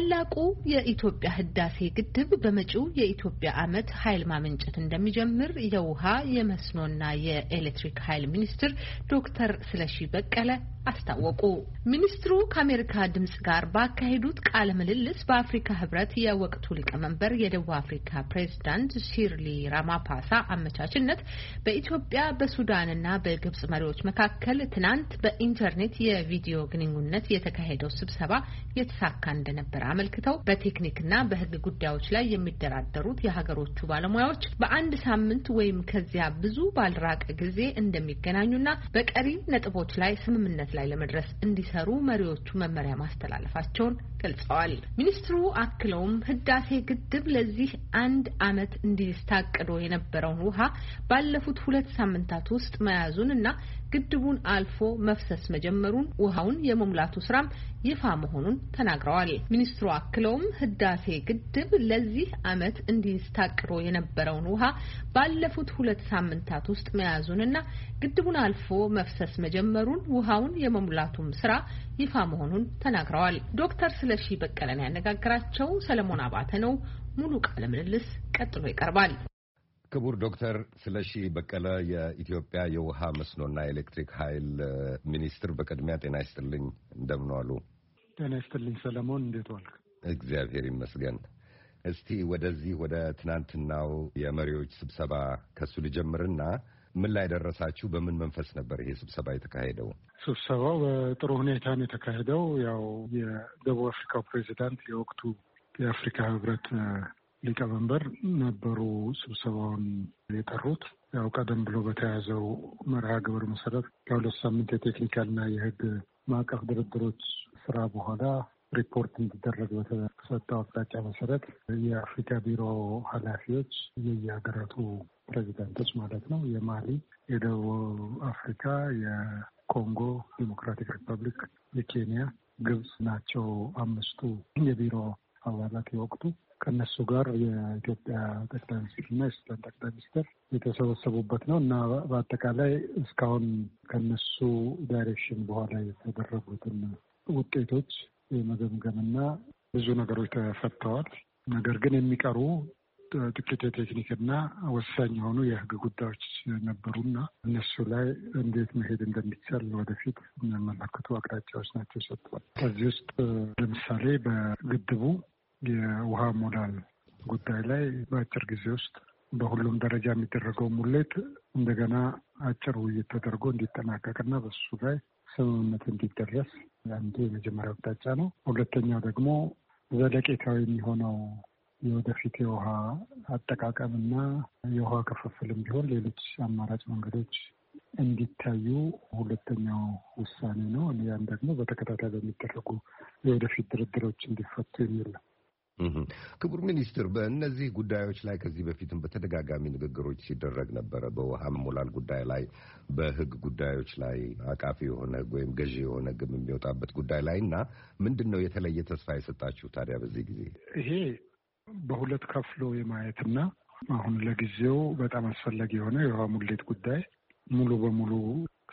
ታላቁ የኢትዮጵያ ህዳሴ ግድብ በመጪው የኢትዮጵያ ዓመት ኃይል ማመንጨት እንደሚጀምር የውሃ የመስኖና የኤሌክትሪክ ኃይል ሚኒስትር ዶክተር ስለሺ በቀለ አስታወቁ። ሚኒስትሩ ከአሜሪካ ድምጽ ጋር ባካሄዱት ቃለ ምልልስ በአፍሪካ ህብረት የወቅቱ ሊቀመንበር የደቡብ አፍሪካ ፕሬዝዳንት ሲርሊ ራማፓሳ አመቻችነት በኢትዮጵያ በሱዳንና በግብጽ መሪዎች መካከል ትናንት በኢንተርኔት የቪዲዮ ግንኙነት የተካሄደው ስብሰባ የተሳካ እንደነበር አመልክተው በቴክኒክና በሕግ ጉዳዮች ላይ የሚደራደሩት የሀገሮቹ ባለሙያዎች በአንድ ሳምንት ወይም ከዚያ ብዙ ባልራቀ ጊዜ እንደሚገናኙና በቀሪ ነጥቦች ላይ ስምምነት ላይ ለመድረስ እንዲሰሩ መሪዎቹ መመሪያ ማስተላለፋቸውን ገልጸዋል። ሚኒስትሩ አክለውም ህዳሴ ግድብ ለዚህ አንድ አመት እንዲስታቅዶ የነበረውን ውሃ ባለፉት ሁለት ሳምንታት ውስጥ መያዙን እና ግድቡን አልፎ መፍሰስ መጀመሩን ውሃውን የመሙላቱ ስራም ይፋ መሆኑን ተናግረዋል። ሚኒስትሩ አክለውም ህዳሴ ግድብ ለዚህ ዓመት እንዲስታቅሮ የነበረውን ውሃ ባለፉት ሁለት ሳምንታት ውስጥ መያዙንና ግድቡን አልፎ መፍሰስ መጀመሩን ውሃውን የመሙላቱም ስራ ይፋ መሆኑን ተናግረዋል። ዶክተር ስለሺ በቀለን ያነጋግራቸው ሰለሞን አባተ ነው። ሙሉ ቃለ ምልልስ ቀጥሎ ይቀርባል። ክቡር ዶክተር ስለሺ በቀለ የኢትዮጵያ የውሃ መስኖና ኤሌክትሪክ ኃይል ሚኒስትር፣ በቅድሚያ ጤና ይስጥልኝ። እንደምን ዋሉ? ጤና ይስጥልኝ ሰለሞን፣ እንዴት ዋልክ? እግዚአብሔር ይመስገን። እስቲ ወደዚህ ወደ ትናንትናው የመሪዎች ስብሰባ ከሱ ልጀምርና ምን ላይ ደረሳችሁ? በምን መንፈስ ነበር ይሄ ስብሰባ የተካሄደው? ስብሰባው በጥሩ ሁኔታ ነው የተካሄደው። ያው የደቡብ አፍሪካው ፕሬዚዳንት የወቅቱ የአፍሪካ ህብረት ሊቀመንበር ነበሩ ስብሰባውን የጠሩት። ያው ቀደም ብሎ በተያዘው መርሃ ግብር መሰረት ከሁለት ሳምንት የቴክኒካልና የህግ ማዕቀፍ ድርድሮች ስራ በኋላ ሪፖርት እንዲደረግ በተሰጠው አቅጣጫ መሰረት የአፍሪካ ቢሮ ኃላፊዎች የየሀገራቱ ፕሬዚዳንቶች ማለት ነው የማሊ፣ የደቡብ አፍሪካ፣ የኮንጎ ዲሞክራቲክ ሪፐብሊክ፣ የኬንያ፣ ግብጽ ናቸው አምስቱ የቢሮ አባላት የወቅቱ ከእነሱ ጋር የኢትዮጵያ ጠቅላይ ሚኒስትርና የሱዳን ጠቅላይ ሚኒስትር የተሰበሰቡበት ነው እና በአጠቃላይ እስካሁን ከነሱ ዳይሬክሽን በኋላ የተደረጉትን ውጤቶች የመገምገምና ብዙ ነገሮች ተፈተዋል። ነገር ግን የሚቀሩ ጥቂት የቴክኒክና ወሳኝ የሆኑ የሕግ ጉዳዮች ነበሩና እነሱ ላይ እንዴት መሄድ እንደሚቻል ወደፊት የሚያመላክቱ አቅጣጫዎች ናቸው ሰጥቷል። ከዚህ ውስጥ ለምሳሌ በግድቡ የውሃ ሞላል ጉዳይ ላይ በአጭር ጊዜ ውስጥ በሁሉም ደረጃ የሚደረገው ሙሌት እንደገና አጭር ውይይት ተደርጎ እንዲጠናቀቅና በሱ ላይ ስምምነት እንዲደረስ አንዱ የመጀመሪያው አቅጣጫ ነው። ሁለተኛው ደግሞ ዘለቄታዊ የሚሆነው የወደፊት የውሃ አጠቃቀምና የውሃ ክፍፍልም ቢሆን ሌሎች አማራጭ መንገዶች እንዲታዩ ሁለተኛው ውሳኔ ነው። ያን ደግሞ በተከታታይ በሚደረጉ የወደፊት ድርድሮች እንዲፈቱ የሚል ነው። ክቡር ሚኒስትር በእነዚህ ጉዳዮች ላይ ከዚህ በፊትም በተደጋጋሚ ንግግሮች ሲደረግ ነበረ። በውሃ መሞላል ጉዳይ ላይ፣ በህግ ጉዳዮች ላይ አቃፊ የሆነ ህግ ወይም ገዢ የሆነ ህግ የሚወጣበት ጉዳይ ላይ እና ምንድን ነው የተለየ ተስፋ የሰጣችሁ ታዲያ በዚህ ጊዜ? ይሄ በሁለት ከፍሎ የማየትና አሁን ለጊዜው በጣም አስፈላጊ የሆነ የውሃ ሙሌት ጉዳይ ሙሉ በሙሉ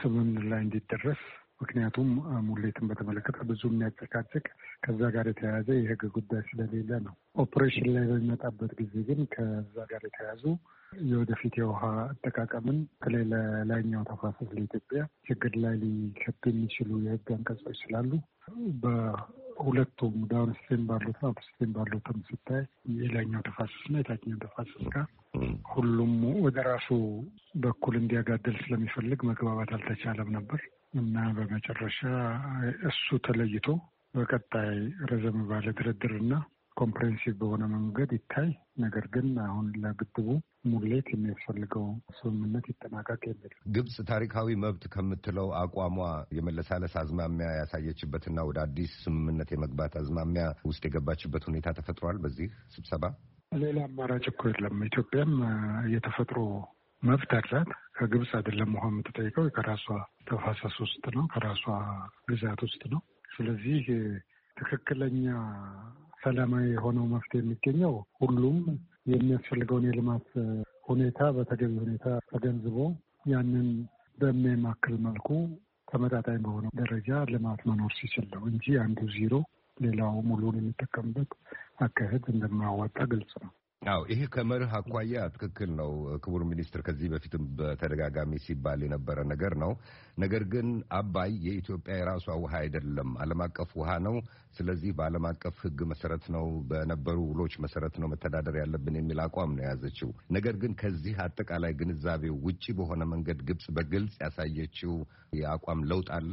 ስምምነት ላይ እንዲደረስ ምክንያቱም ሙሌትን በተመለከተ ብዙ የሚያጨቃጭቅ ከዛ ጋር የተያያዘ የህግ ጉዳይ ስለሌለ ነው። ኦፕሬሽን ላይ በሚመጣበት ጊዜ ግን ከዛ ጋር የተያያዙ የወደፊት የውሃ አጠቃቀምን በተለይ ለላይኛው ተፋሰስ ለኢትዮጵያ ችግር ላይ ሊከቱ የሚችሉ የህግ አንቀጾች ስላሉ በሁለቱም ዳውን ስቴም ባሉት አፕ ስቴም ባሉትም ስታይ የላይኛው ተፋሰስና የታችኛው ተፋሰስ ጋር ሁሉም ወደ ራሱ በኩል እንዲያጋድል ስለሚፈልግ መግባባት አልተቻለም ነበር። እና በመጨረሻ እሱ ተለይቶ በቀጣይ ረዘም ባለ ድርድርና ኮምፕሬንሲቭ በሆነ መንገድ ይታይ። ነገር ግን አሁን ለግድቡ ሙሌት የሚያስፈልገው ስምምነት ይጠናቀቅ የሚል ግብጽ ታሪካዊ መብት ከምትለው አቋሟ የመለሳለስ አዝማሚያ ያሳየችበትና ወደ አዲስ ስምምነት የመግባት አዝማሚያ ውስጥ የገባችበት ሁኔታ ተፈጥሯል። በዚህ ስብሰባ ሌላ አማራጭ እኮ የለም። ኢትዮጵያም የተፈጥሮ መብት አላት። ከግብፅ አይደለም ውሃ የምትጠይቀው ከራሷ ተፋሰስ ውስጥ ነው፣ ከራሷ ግዛት ውስጥ ነው። ስለዚህ ትክክለኛ ሰላማዊ የሆነው መፍትሄ የሚገኘው ሁሉም የሚያስፈልገውን የልማት ሁኔታ በተገቢ ሁኔታ ተገንዝቦ ያንን በሚያማክል መልኩ ተመጣጣኝ በሆነ ደረጃ ልማት መኖር ሲችል ነው እንጂ አንዱ ዜሮ ሌላው ሙሉን የሚጠቀምበት አካሄድ እንደማያዋጣ ግልጽ ነው። አዎ ይሄ ከመርህ አኳያ ትክክል ነው። ክቡር ሚኒስትር ከዚህ በፊትም በተደጋጋሚ ሲባል የነበረ ነገር ነው። ነገር ግን አባይ የኢትዮጵያ የራሷ ውሃ አይደለም፣ ዓለም አቀፍ ውሃ ነው። ስለዚህ በዓለም አቀፍ ሕግ መሰረት ነው በነበሩ ውሎች መሰረት ነው መተዳደር ያለብን የሚል አቋም ነው የያዘችው። ነገር ግን ከዚህ አጠቃላይ ግንዛቤ ውጪ በሆነ መንገድ ግብጽ በግልጽ ያሳየችው የአቋም ለውጥ አለ።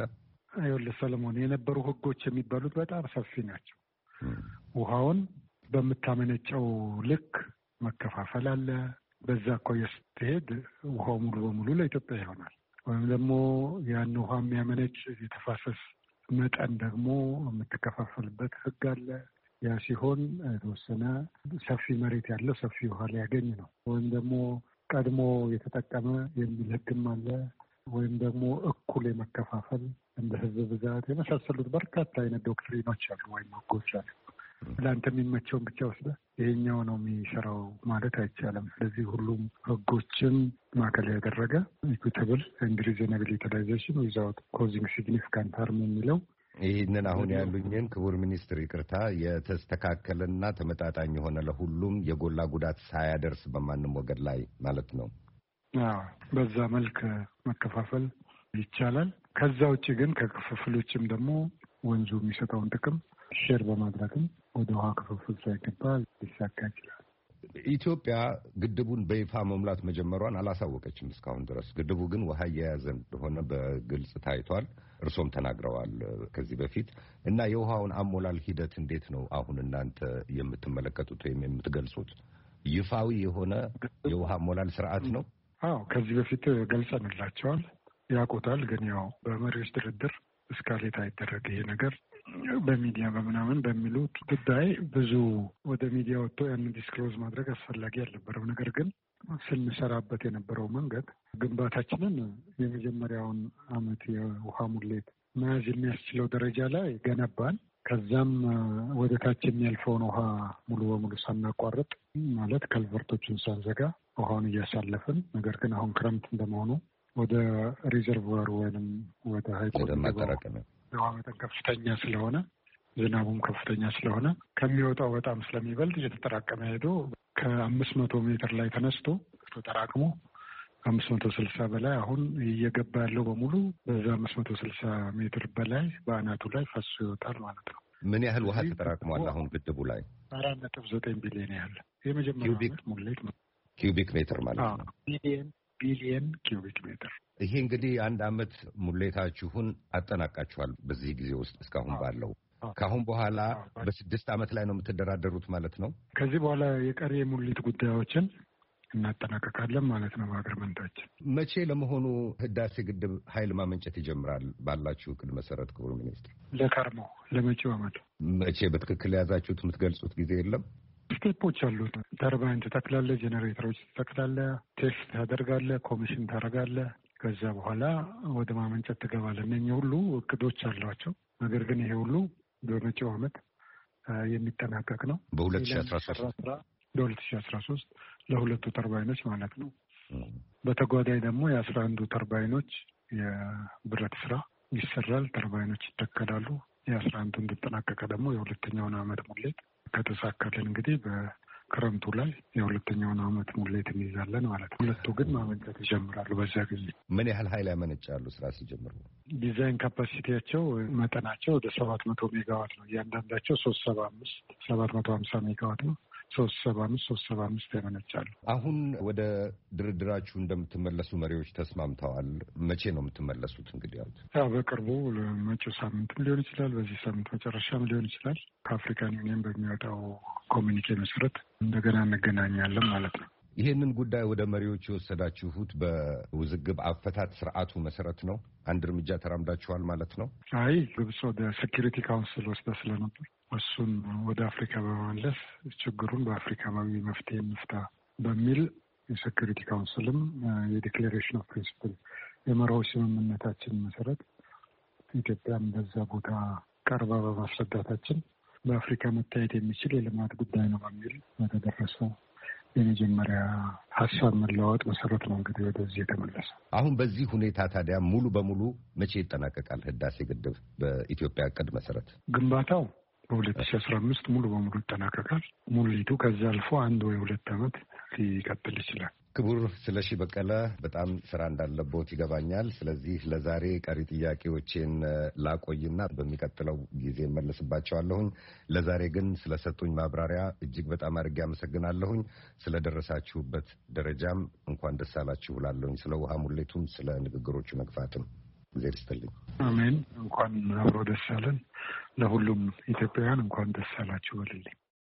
ይኸውልህ ሰለሞን፣ የነበሩ ሕጎች የሚባሉት በጣም ሰፊ ናቸው። ውሃውን በምታመነጨው ልክ መከፋፈል አለ። በዛ አኳያ ስትሄድ ውሃው ሙሉ በሙሉ ለኢትዮጵያ ይሆናል። ወይም ደግሞ ያን ውሃ የሚያመነጭ የተፋሰስ መጠን ደግሞ የምትከፋፈልበት ህግ አለ። ያ ሲሆን የተወሰነ ሰፊ መሬት ያለው ሰፊ ውሃ ሊያገኝ ነው። ወይም ደግሞ ቀድሞ የተጠቀመ የሚል ህግም አለ። ወይም ደግሞ እኩል የመከፋፈል እንደ ህዝብ ብዛት የመሳሰሉት በርካታ አይነት ዶክትሪኖች አሉ ወይም ህጎች አሉ። ለአንተ የሚመቸውን ብቻ ወስደ ይሄኛው ነው የሚሰራው ማለት አይቻልም። ስለዚህ ሁሉም ህጎችን ማዕከል ያደረገ ኢኩተብል ኤንድ ሪዘናብል ዩቲላይዜሽን ዊዛውት ኮዚንግ ሲግኒፊካንት ሃርም የሚለው ይህንን አሁን ያሉኝን ክቡር ሚኒስትር ይቅርታ፣ የተስተካከለና ተመጣጣኝ የሆነ ለሁሉም የጎላ ጉዳት ሳያደርስ በማንም ወገድ ላይ ማለት ነው። በዛ መልክ መከፋፈል ይቻላል። ከዛ ውጭ ግን ከክፍፍሎችም ደግሞ ወንዙ የሚሰጠውን ጥቅም ሼር በማድረግም ወደ ውሃ ክፍፍል ሳይገባ ሊሳካ ይችላል። ኢትዮጵያ ግድቡን በይፋ መሙላት መጀመሯን አላሳወቀችም እስካሁን ድረስ። ግድቡ ግን ውሃ እየያዘ እንደሆነ በግልጽ ታይቷል። እርሶም ተናግረዋል ከዚህ በፊት እና የውሃውን አሞላል ሂደት እንዴት ነው አሁን እናንተ የምትመለከቱት ወይም የምትገልጹት? ይፋዊ የሆነ የውሃ አሞላል ስርዓት ነው? አዎ፣ ከዚህ በፊት ገልጸንላቸዋል። ያውቁታል። ግን ያው በመሪዎች ድርድር እስካሌት አይደረግ ይሄ ነገር በሚዲያ በምናምን በሚሉት ጉዳይ ብዙ ወደ ሚዲያ ወጥቶ ያንን ዲስክሎዝ ማድረግ አስፈላጊ አልነበረም። ነገር ግን ስንሰራበት የነበረው መንገድ ግንባታችንን የመጀመሪያውን አመት የውሃ ሙሌት መያዝ የሚያስችለው ደረጃ ላይ ገነባን። ከዛም ወደ ታች የሚያልፈውን ውሃ ሙሉ በሙሉ ሳናቋርጥ ማለት ከልቨርቶችን ሳንዘጋ ውሃውን እያሳለፍን ነገር ግን አሁን ክረምት እንደመሆኑ ወደ ሪዘርቮር ወይም ወደ ሀይቆ የውሃ መጠን ከፍተኛ ስለሆነ ዝናቡም ከፍተኛ ስለሆነ ከሚወጣው በጣም ስለሚበልጥ እየተጠራቀመ ሄዶ ከአምስት መቶ ሜትር ላይ ተነስቶ ተጠራቅሞ አምስት መቶ ስልሳ በላይ አሁን እየገባ ያለው በሙሉ በዛ አምስት መቶ ስልሳ ሜትር በላይ በአናቱ ላይ ፈሶ ይወጣል ማለት ነው። ምን ያህል ውሃ ተጠራቅሟል? አሁን ግድቡ ላይ አራት ነጥብ ዘጠኝ ቢሊዮን ያህል የመጀመሪያ ሙሌት ነው። ኪዩቢክ ሜትር ማለት ነው። ቢሊየን ቢሊየን ኪዩቢክ ሜትር። ይሄ እንግዲህ አንድ አመት ሙሌታችሁን አጠናቃችኋል። በዚህ ጊዜ ውስጥ እስካሁን ባለው ከአሁን በኋላ በስድስት አመት ላይ ነው የምትደራደሩት ማለት ነው። ከዚህ በኋላ የቀሪ የሙሊት ጉዳዮችን እናጠናቀቃለን ማለት ነው። መንታችን መቼ ለመሆኑ ህዳሴ ግድብ ኃይል ማመንጨት ይጀምራል ባላችሁ እቅድ መሰረት? ክቡር ሚኒስትር፣ ለከርሞ ለመጪው አመት መቼ በትክክል የያዛችሁት የምትገልጹት ጊዜ የለም? ስቴፖች አሉ። ተርባይን ትተክላለህ፣ ጀኔሬተሮች ትተክላለህ፣ ቴስት ታደርጋለ፣ ኮሚሽን ታደርጋለ። ከዛ በኋላ ወደ ማመንጨት ትገባለ። እነኚህ ሁሉ እቅዶች አሏቸው። ነገር ግን ይሄ ሁሉ በመጪው ዓመት የሚጠናቀቅ ነው በሁለት ሺ አስራ ሶስት ለሁለቱ ተርባይኖች ማለት ነው። በተጓዳኝ ደግሞ የአስራ አንዱ ተርባይኖች የብረት ስራ ይሰራል። ተርባይኖች ይተከላሉ። የአስራ አንዱ እንድጠናቀቀ ደግሞ የሁለተኛውን ዓመት ሙሌት ከተሳካልን እንግዲህ በክረምቱ ላይ የሁለተኛውን አመት ሙሌት እንይዛለን ማለት ነው። ሁለቱ ግን ማመንጨት ይጀምራሉ። በዚያ ጊዜ ምን ያህል ሀይል ያመነጫሉ? ስራ ሲጀምሩ ዲዛይን ካፓሲቲያቸው መጠናቸው ወደ ሰባት መቶ ሜጋዋት ነው። እያንዳንዳቸው ሶስት ሰባ አምስት ሰባት መቶ ሀምሳ ሜጋዋት ነው። ሶስት ሰባ አምስት ሶስት ሰባ አምስት ያመነጫሉ። አሁን ወደ ድርድራችሁ እንደምትመለሱ መሪዎች ተስማምተዋል። መቼ ነው የምትመለሱት? እንግዲህ ያሉት ያው በቅርቡ መጪው ሳምንትም ሊሆን ይችላል፣ በዚህ ሳምንት መጨረሻም ሊሆን ይችላል። ከአፍሪካን ዩኒየን በሚወጣው ኮሚኒኬ መሰረት እንደገና እንገናኛለን ማለት ነው። ይህንን ጉዳይ ወደ መሪዎች የወሰዳችሁት በውዝግብ አፈታት ስርዓቱ መሰረት ነው። አንድ እርምጃ ተራምዳችኋል ማለት ነው። አይ ግብጽ ወደ ሴኪሪቲ ካውንስል ወስደ ስለነበር እሱን ወደ አፍሪካ በመመለስ ችግሩን በአፍሪካዊ መፍትሄ እንፍታ በሚል የሴኩሪቲ ካውንስልም የዲክሌሬሽን ኦፍ ፕሪንስፕል የመርሆች ስምምነታችን መሰረት ኢትዮጵያን በዛ ቦታ ቀርባ በማስረዳታችን በአፍሪካ መታየት የሚችል የልማት ጉዳይ ነው በሚል በተደረሰ የመጀመሪያ ሀሳብ መለዋወጥ መሰረት ነው እንግዲህ ወደዚህ የተመለሰ። አሁን በዚህ ሁኔታ ታዲያ ሙሉ በሙሉ መቼ ይጠናቀቃል ህዳሴ ግድብ በኢትዮጵያ እቅድ መሰረት ግንባታው በሁለት ሺ አስራ አምስት ሙሉ በሙሉ ይጠናቀቃል። ሙሊቱ ከዚያ አልፎ አንድ ወይ ሁለት ዓመት ሊቀጥል ይችላል። ክቡር ስለሺ በቀለ በጣም ስራ እንዳለቦት ይገባኛል። ስለዚህ ለዛሬ ቀሪ ጥያቄዎቼን ላቆይና በሚቀጥለው ጊዜ መለስባቸዋለሁኝ። ለዛሬ ግን ስለሰጡኝ ማብራሪያ እጅግ በጣም አድርጌ አመሰግናለሁኝ። ስለደረሳችሁበት ደረጃም እንኳን ደስ አላችሁ ላለሁኝ፣ ስለ ውሃ ሙሌቱም ስለ ንግግሮቹ መግፋትም እግዚአብሔር ይስጥልኝ። አሜን። እንኳን አብሮ ደስ አለን። ለሁሉም ኢትዮጵያውያን እንኳን ደስ አላችሁ በልልኝ።